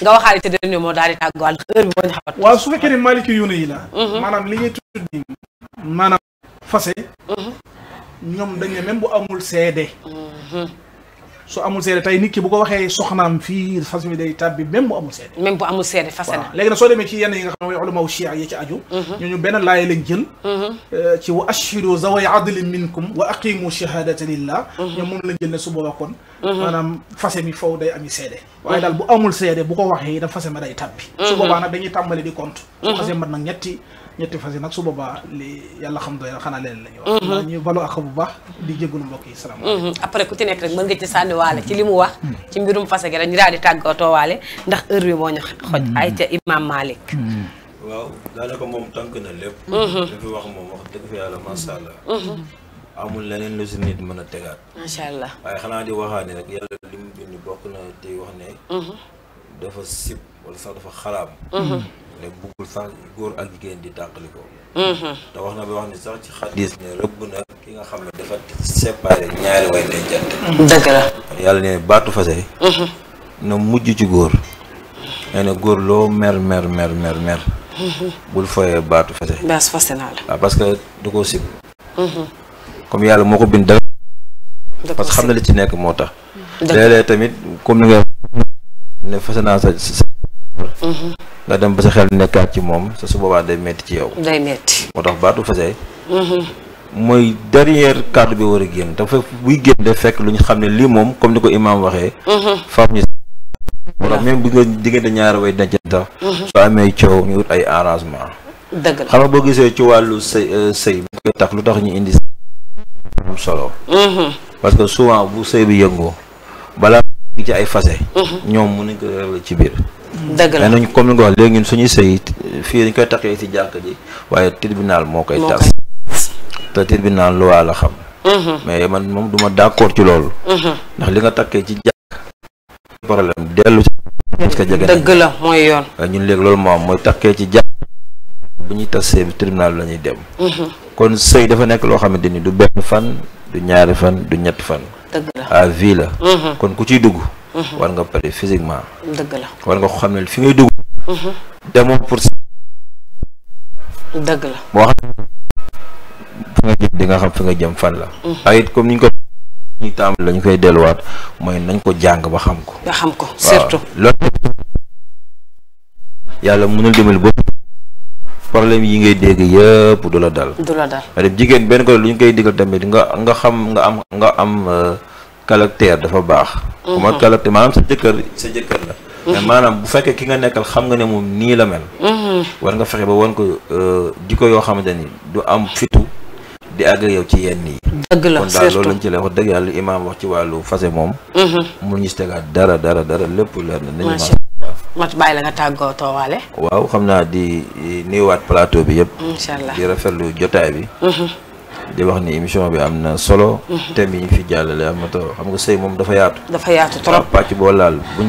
nga waxaale te dañu moo daal di tàggoo àll heure bi moo ñu xamat. waaw su fekkee ne Malick yu yi la. Mhm. maanaam li ñuy tudd nii fase. Mhm. ñoom dañ ne bu amul seede. su amul sédé tay nit ki bu ko waxé soxnam fi fas bi day tàbbi même bu amul sédé même bu amul sédé seede légui na so démé ci yenn yi nga xamné wax mooy ulama shia yi ci aju ñu benn laay lañ jël ci wa ashhidu zaway adl minkum wa aqimu shahadata lillah ñu moom lañ jël ne su boobaa kon manam fase mi faw day ami sédé waye dal bu amul sédé bu ko waxé da fase ma day tàbbi su boobaa nag dañuy tambalé di compte su fase mat nak ñetti ñetti fas nak su boobaa li yàlla xam do xanaa xana leen ñu wax ñu balu ak bu baax di jéggul mbokk yi salam après ku ti nek rek mën nga ci sànni waale ci li mu wax ci mbirum fase gi dañu daal di tàggatoo waale ndax heure bi moo ñu xoj mm. ay ca imam Malick mm. waaw daanaka moom tànk na lépp mm-hmm. li fi wax moom wax dëgg fi yàlla masha Allah mm-hmm. amul leneen lu si nit mën a tegaat masha Allah waaye xanaa di waxaat ne rek yàlla li mu bind bokk na di wax ne mm-hmm. dafa sib wala sax dafa xaraam ne buggul sax góor ak jigéen di tàqali ko te wax na ba wax ni sax ci xadis ne rëbb na ki nga xam ne dafa séparé ñaari way dencante dëgg la yàlla ne baatu fase na mujj ci góor nee na góor loo mer mer mer mer bul foyee baatu fase baas fase naa la ah, que da koo sib mhm. comme yàlla moo ko bind dafa parce xam na li ci nekk moo tax léeg-léeg tamit comme ne fase naa sa nga dem ba sa xel nekkaat ci moom sa su boobaa day metti ci yow. day metti moo tax baatu fase mhm. mooy dernière kàddu bi war a génn dafa buy génn day fekk lu ñu xam ne lii moom comme ni ko imaam waxee. Mhm. faam ñu. moo tax même bu nga diggante ñaari way denc tax. Mhm. soo amee coow ñu wut ay arrangement. dëgg la xam nga boo gisee ci wàllu euh, sëy sëy bu koy tax lu tax ñu indi solo. parce souvent bu sëy bi yëngoo. di ci ay fasé mhm. ñoom mu nañ ko révélé ci biir dëgg la nañ comme ni nga wax léegi ñun suñuy sëy fii dañ koy takkee ci jàkk ji waaye tribunal moo koy tas te tribunal loi la xam mhm. mais man moom duma d'accord ci loolu mhm. ndax li nga takkee ci jàkk problème dellu ci parce que jege yoon ñun léegi am mooy takkee ci jàkk bu ñuy tas sëy bi tribunal la dem kon sëy dafa nekk loo xamante ni du benn fan du ñaari fan du fan à vie la mhm. kon ku ciy dugg mhm. war nga pare physiquement dëgg la war nga ko xam ne fi ngay dugg mhm. demoo pour dëgg la boo xam fi nga jëm di nga xam fi nga jëm fan la ay it comme niñ ko ñuy tàmm lañ koy delluwaat mooy nañ ko jàng ba xam ko ba xam ko surtout bopp problème yi ngay dégg yëpp du la dal. du la dal mais jigéen benn ko lu ñu koy digal tamit nga nga xam nga am nga am euh, caractère dafa baax. bu mhm. ma caractère sa jëkkër sa jëkkër la. Mhm. mais maanaam bu fekkee ki nga nekkal xam nga ne moom nii la mel. Mhm. war nga fexe ba wan ko euh, jikko yoo xamante ni du am fitu di àgg yow ci yenn yi. dëgg la kon daal loolu lañ ci lay wax dëgg yàlla imaam wax ci wàllu fase moom. mu ñu si dara dara dara lépp leer na. ma bàyyi la nga tàggoo toowaale. waaw xam naa di nuyuwaat plateau bi yëpp. incha allah di rafetlu jotaay bi. Mhm. di wax ni émission bi am na solo. Mhm. thème yi fi jàllale am na xam nga sëy moom dafa yaatu. dafa yaatu trop pàcc boo laal